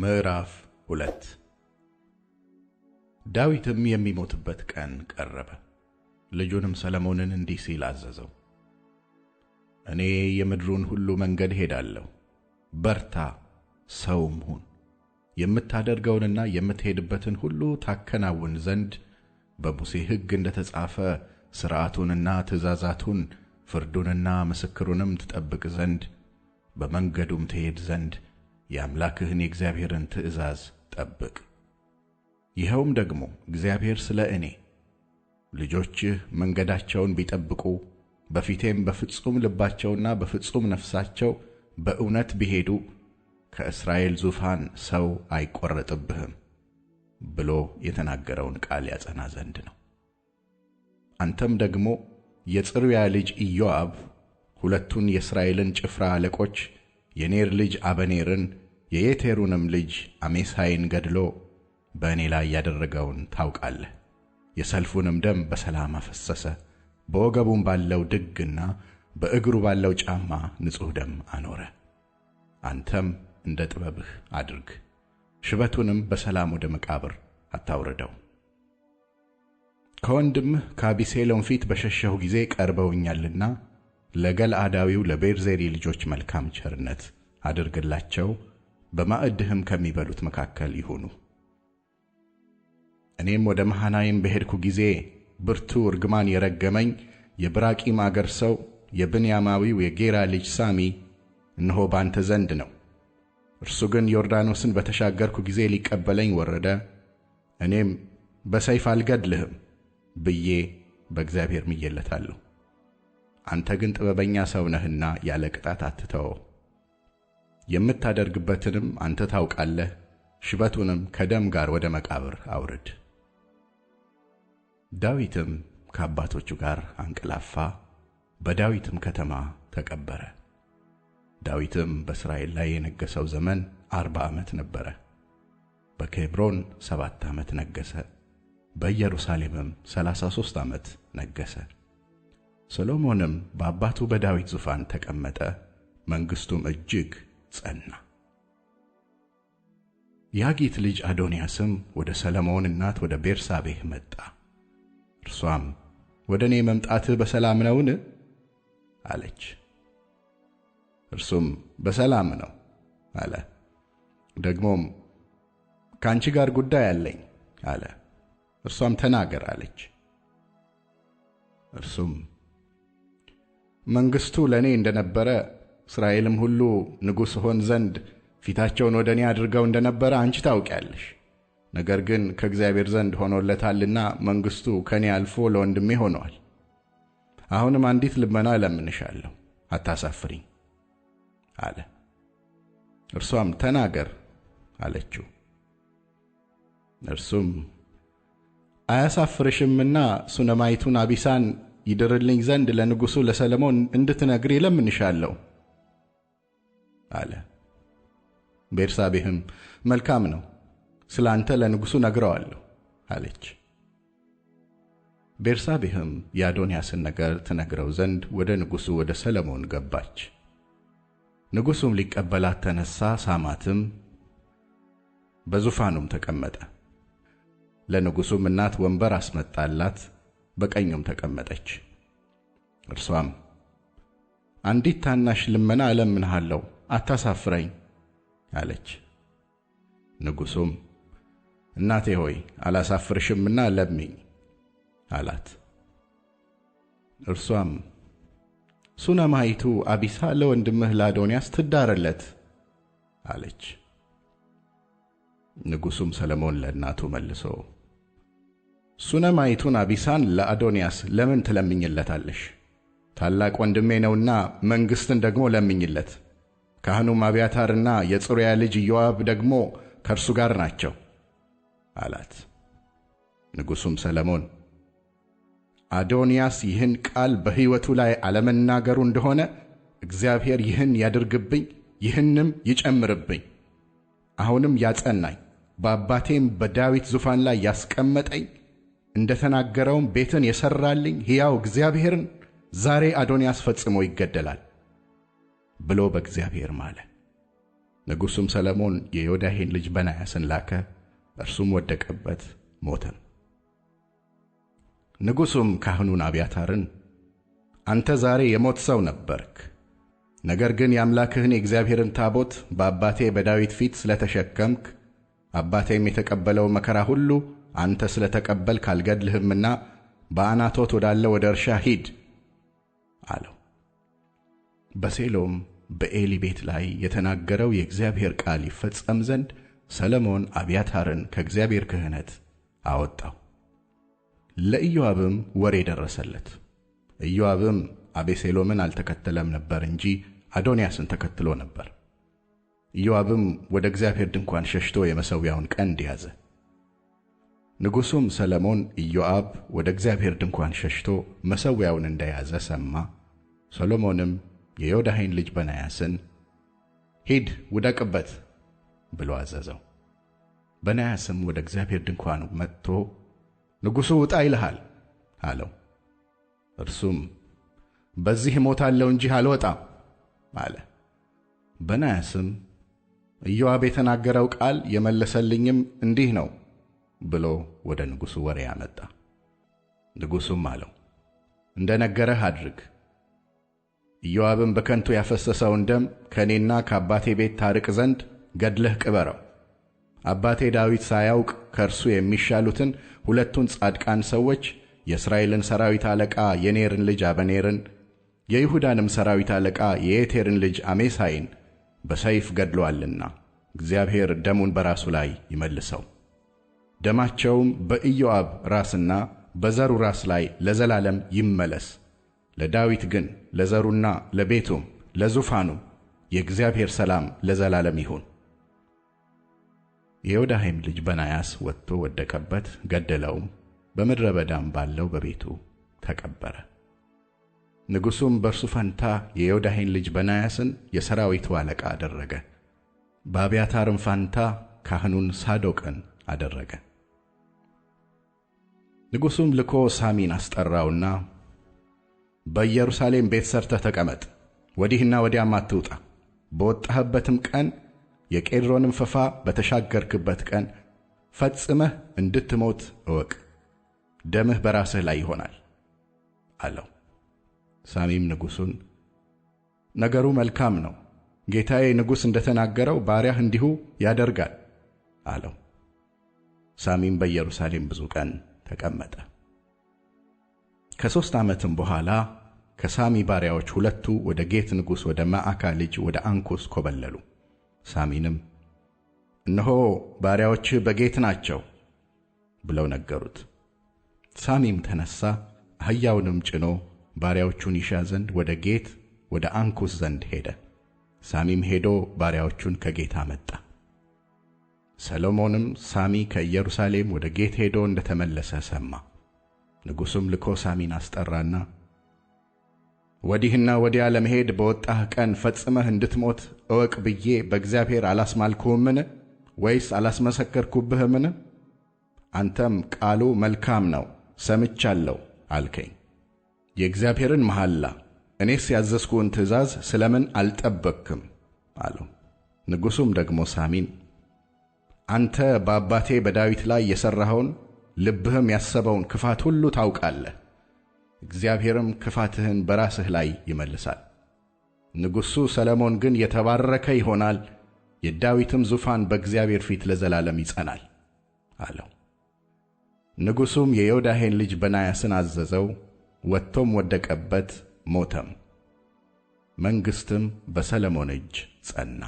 ምዕራፍ ሁለት ዳዊትም የሚሞትበት ቀን ቀረበ። ልጁንም ሰለሞንን እንዲህ ሲል አዘዘው፣ እኔ የምድሩን ሁሉ መንገድ ሄዳለሁ። በርታ ሰውም ሁን፣ የምታደርገውንና የምትሄድበትን ሁሉ ታከናውን ዘንድ በሙሴ ሕግ እንደ ተጻፈ ሥርዓቱንና ትእዛዛቱን ፍርዱንና ምስክሩንም ትጠብቅ ዘንድ በመንገዱም ትሄድ ዘንድ የአምላክህን የእግዚአብሔርን ትእዛዝ ጠብቅ። ይኸውም ደግሞ እግዚአብሔር ስለ እኔ ልጆችህ መንገዳቸውን ቢጠብቁ በፊቴም በፍጹም ልባቸውና በፍጹም ነፍሳቸው በእውነት ቢሄዱ ከእስራኤል ዙፋን ሰው አይቈረጥብህም ብሎ የተናገረውን ቃል ያጸና ዘንድ ነው። አንተም ደግሞ የጽሩያ ልጅ ኢዮአብ ሁለቱን የእስራኤልን ጭፍራ አለቆች የኔር ልጅ አበኔርን የየቴሩንም ልጅ አሜሳይን ገድሎ በእኔ ላይ ያደረገውን ታውቃለህ። የሰልፉንም ደም በሰላም አፈሰሰ። በወገቡም ባለው ድግና በእግሩ ባለው ጫማ ንጹሕ ደም አኖረ። አንተም እንደ ጥበብህ አድርግ፣ ሽበቱንም በሰላም ወደ መቃብር አታውርደው። ከወንድምህ ከአቢሴሎም ፊት በሸሸሁ ጊዜ ቀርበውኛልና ለገልአዳዊው ለቤርዜሪ ልጆች መልካም ቸርነት አድርግላቸው በማዕድህም ከሚበሉት መካከል ይሁኑ። እኔም ወደ መሃናይም በሄድኩ ጊዜ ብርቱ እርግማን የረገመኝ የብራቂም አገር ሰው የብንያማዊው የጌራ ልጅ ሳሚ እነሆ ባንተ ዘንድ ነው። እርሱ ግን ዮርዳኖስን በተሻገርኩ ጊዜ ሊቀበለኝ ወረደ። እኔም በሰይፍ አልገድልህም ብዬ በእግዚአብሔር ምየለታለሁ አንተ ግን ጥበበኛ ሰው ነህና ያለ ቅጣት አትተወው። የምታደርግበትንም አንተ ታውቃለህ። ሽበቱንም ከደም ጋር ወደ መቃብር አውርድ። ዳዊትም ከአባቶቹ ጋር አንቀላፋ፣ በዳዊትም ከተማ ተቀበረ። ዳዊትም በእስራኤል ላይ የነገሠው ዘመን አርባ ዓመት ነበረ። በኬብሮን ሰባት ዓመት ነገሠ። በኢየሩሳሌምም ሠላሳ ሦስት ዓመት ነገሠ። ሰሎሞንም በአባቱ በዳዊት ዙፋን ተቀመጠ። መንግሥቱም እጅግ ጸና። ያጊት ልጅ አዶንያስም ወደ ሰለሞን እናት ወደ ቤርሳቤህ መጣ። እርሷም ወደ እኔ መምጣትህ በሰላም ነውን? አለች። እርሱም በሰላም ነው አለ። ደግሞም ከአንቺ ጋር ጉዳይ አለኝ አለ። እርሷም ተናገር አለች። እርሱም መንግሥቱ ለእኔ እንደነበረ እስራኤልም ሁሉ ንጉሥ ሆን ዘንድ ፊታቸውን ወደ እኔ አድርገው እንደነበረ አንቺ ታውቂያለሽ። ነገር ግን ከእግዚአብሔር ዘንድ ሆኖለታልና መንግሥቱ ከእኔ አልፎ ለወንድሜ ሆነዋል። አሁንም አንዲት ልመና እለምንሻለሁ፣ አታሳፍሪኝ አለ። እርሷም ተናገር አለችው። እርሱም አያሳፍርሽምና ሱነማይቱን አቢሳን ይድርልኝ ዘንድ ለንጉሡ ለሰለሞን እንድትነግሪ እለምንሻለሁ አለ። ቤርሳቤህም መልካም ነው፣ ስለ አንተ ለንጉሡ ነግረዋለሁ አለች። ቤርሳቤህም የአዶንያስን ነገር ትነግረው ዘንድ ወደ ንጉሡ ወደ ሰለሞን ገባች። ንጉሡም ሊቀበላት ተነሣ፣ ሳማትም፣ በዙፋኑም ተቀመጠ። ለንጉሡም እናት ወንበር አስመጣላት፣ በቀኙም ተቀመጠች። እርሷም አንዲት ታናሽ ልመና እለምንሃለሁ አታሳፍረኝ አለች። ንጉሡም እናቴ ሆይ አላሳፍርሽምና ለምኝ አላት። እርሷም ሱነማይቱ አቢሳ ለወንድምህ ለአዶንያስ ትዳርለት አለች። ንጉሡም ሰለሞን ለእናቱ መልሶ ሱነማይቱን አቢሳን ለአዶንያስ ለምን ትለምኝለታለሽ? ታላቅ ወንድሜ ነውና መንግሥትን ደግሞ ለምኝለት ካህኑም አብያታርና የጽሩያ ልጅ ኢዮአብ ደግሞ ከእርሱ ጋር ናቸው አላት። ንጉሡም ሰለሞን አዶንያስ ይህን ቃል በሕይወቱ ላይ አለመናገሩ እንደሆነ እግዚአብሔር ይህን ያድርግብኝ፣ ይህንም ይጨምርብኝ፣ አሁንም ያጸናኝ፣ በአባቴም በዳዊት ዙፋን ላይ ያስቀመጠኝ፣ እንደ ተናገረውም ቤትን የሠራልኝ ሕያው እግዚአብሔርን ዛሬ አዶንያስ ፈጽሞ ይገደላል። ብሎ በእግዚአብሔር ማለ። ንጉሡም ሰለሞን የዮዳሄን ልጅ በናያስን ላከ፣ እርሱም ወደቀበት ሞተም። ንጉሡም ካህኑን አብያታርን አንተ ዛሬ የሞት ሰው ነበርክ፣ ነገር ግን የአምላክህን የእግዚአብሔርን ታቦት በአባቴ በዳዊት ፊት ስለተሸከምክ አባቴም የተቀበለው መከራ ሁሉ አንተ ስለ ተቀበልክ አልገድልህምና በአናቶት ወዳለ ወደ እርሻ ሂድ አለው። በሴሎም በኤሊ ቤት ላይ የተናገረው የእግዚአብሔር ቃል ይፈጸም ዘንድ ሰለሞን አብያታርን ከእግዚአብሔር ክህነት አወጣው። ለኢዮአብም ወሬ ደረሰለት። ኢዮአብም አቤሴሎምን አልተከተለም ነበር እንጂ አዶንያስን ተከትሎ ነበር። ኢዮአብም ወደ እግዚአብሔር ድንኳን ሸሽቶ የመሠዊያውን ቀንድ ያዘ። ንጉሡም ሰለሞን ኢዮአብ ወደ እግዚአብሔር ድንኳን ሸሽቶ መሠዊያውን እንደያዘ ሰማ። ሰሎሞንም የዮዳሄን ልጅ በናያስን ሂድ ውደቅበት ብሎ አዘዘው። በናያስም ወደ እግዚአብሔር ድንኳን መጥቶ ንጉሡ ውጣ ይልሃል አለው። እርሱም በዚህ እሞታለሁ እንጂ አልወጣም አለ። በናያስም ኢዮአብ የተናገረው ቃል የመለሰልኝም እንዲህ ነው ብሎ ወደ ንጉሡ ወሬ አመጣ። ንጉሡም አለው እንደ ነገረህ አድርግ ኢዮአብም በከንቱ ያፈሰሰውን ደም ከእኔና ከአባቴ ቤት ታርቅ ዘንድ ገድለህ ቅበረው። አባቴ ዳዊት ሳያውቅ ከእርሱ የሚሻሉትን ሁለቱን ጻድቃን ሰዎች የእስራኤልን ሰራዊት አለቃ የኔርን ልጅ አበኔርን፣ የይሁዳንም ሰራዊት አለቃ የኤቴርን ልጅ አሜሳይን በሰይፍ ገድሎአልና እግዚአብሔር ደሙን በራሱ ላይ ይመልሰው። ደማቸውም በኢዮአብ ራስና በዘሩ ራስ ላይ ለዘላለም ይመለስ። ለዳዊት ግን ለዘሩና ለቤቱም ለዙፋኑም የእግዚአብሔር ሰላም ለዘላለም ይሁን። የዮዳሄም ልጅ በናያስ ወጥቶ ወደቀበት፣ ገደለውም። በምድረ በዳም ባለው በቤቱ ተቀበረ። ንጉሡም በእርሱ ፈንታ የዮዳሄን ልጅ በናያስን የሰራዊቱ አለቃ አደረገ። በአብያታርም ፋንታ ካህኑን ሳዶቅን አደረገ። ንጉሡም ልኮ ሳሚን አስጠራውና በኢየሩሳሌም ቤት ሰርተህ ተቀመጥ፣ ወዲህና ወዲያም አትውጣ። በወጣህበትም ቀን የቄድሮንም ፈፋ በተሻገርክበት ቀን ፈጽመህ እንድትሞት እወቅ፣ ደምህ በራስህ ላይ ይሆናል አለው። ሳሚም ንጉሡን፣ ነገሩ መልካም ነው፣ ጌታዬ ንጉሥ እንደተናገረው ባሪያህ እንዲሁ ያደርጋል አለው። ሳሚም በኢየሩሳሌም ብዙ ቀን ተቀመጠ። ከሦስት ዓመትም በኋላ ከሳሚ ባሪያዎች ሁለቱ ወደ ጌት ንጉሥ ወደ ማዕካ ልጅ ወደ አንኩስ ኮበለሉ። ሳሚንም እነሆ ባሪያዎች በጌት ናቸው ብለው ነገሩት። ሳሚም ተነሣ፣ አህያውንም ጭኖ ባሪያዎቹን ይሻ ዘንድ ወደ ጌት ወደ አንኩስ ዘንድ ሄደ። ሳሚም ሄዶ ባሪያዎቹን ከጌት አመጣ። ሰሎሞንም ሳሚ ከኢየሩሳሌም ወደ ጌት ሄዶ እንደ ተመለሰ ሰማ። ንጉሡም ልኮ ሳሚን አስጠራና ወዲህና ወዲያ ለመሄድ በወጣህ ቀን ፈጽመህ እንድትሞት እወቅ ብዬ በእግዚአብሔር አላስማልኩህምን? ወይስ አላስመሰከርኩብህምን? አንተም ቃሉ መልካም ነው ሰምቻለሁ አልከኝ። የእግዚአብሔርን መሐላ እኔስ ያዘዝኩውን ትእዛዝ ስለምን አልጠበቅክም? አለው። ንጉሡም ደግሞ ሳሚን አንተ በአባቴ በዳዊት ላይ የሠራኸውን ልብህም ያሰበውን ክፋት ሁሉ ታውቃለህ። እግዚአብሔርም ክፋትህን በራስህ ላይ ይመልሳል። ንጉሡ ሰለሞን ግን የተባረከ ይሆናል፣ የዳዊትም ዙፋን በእግዚአብሔር ፊት ለዘላለም ይጸናል አለው። ንጉሡም የዮዳሄን ልጅ በናያስን አዘዘው፣ ወጥቶም ወደቀበት፣ ሞተም። መንግሥትም በሰለሞን እጅ ጸና።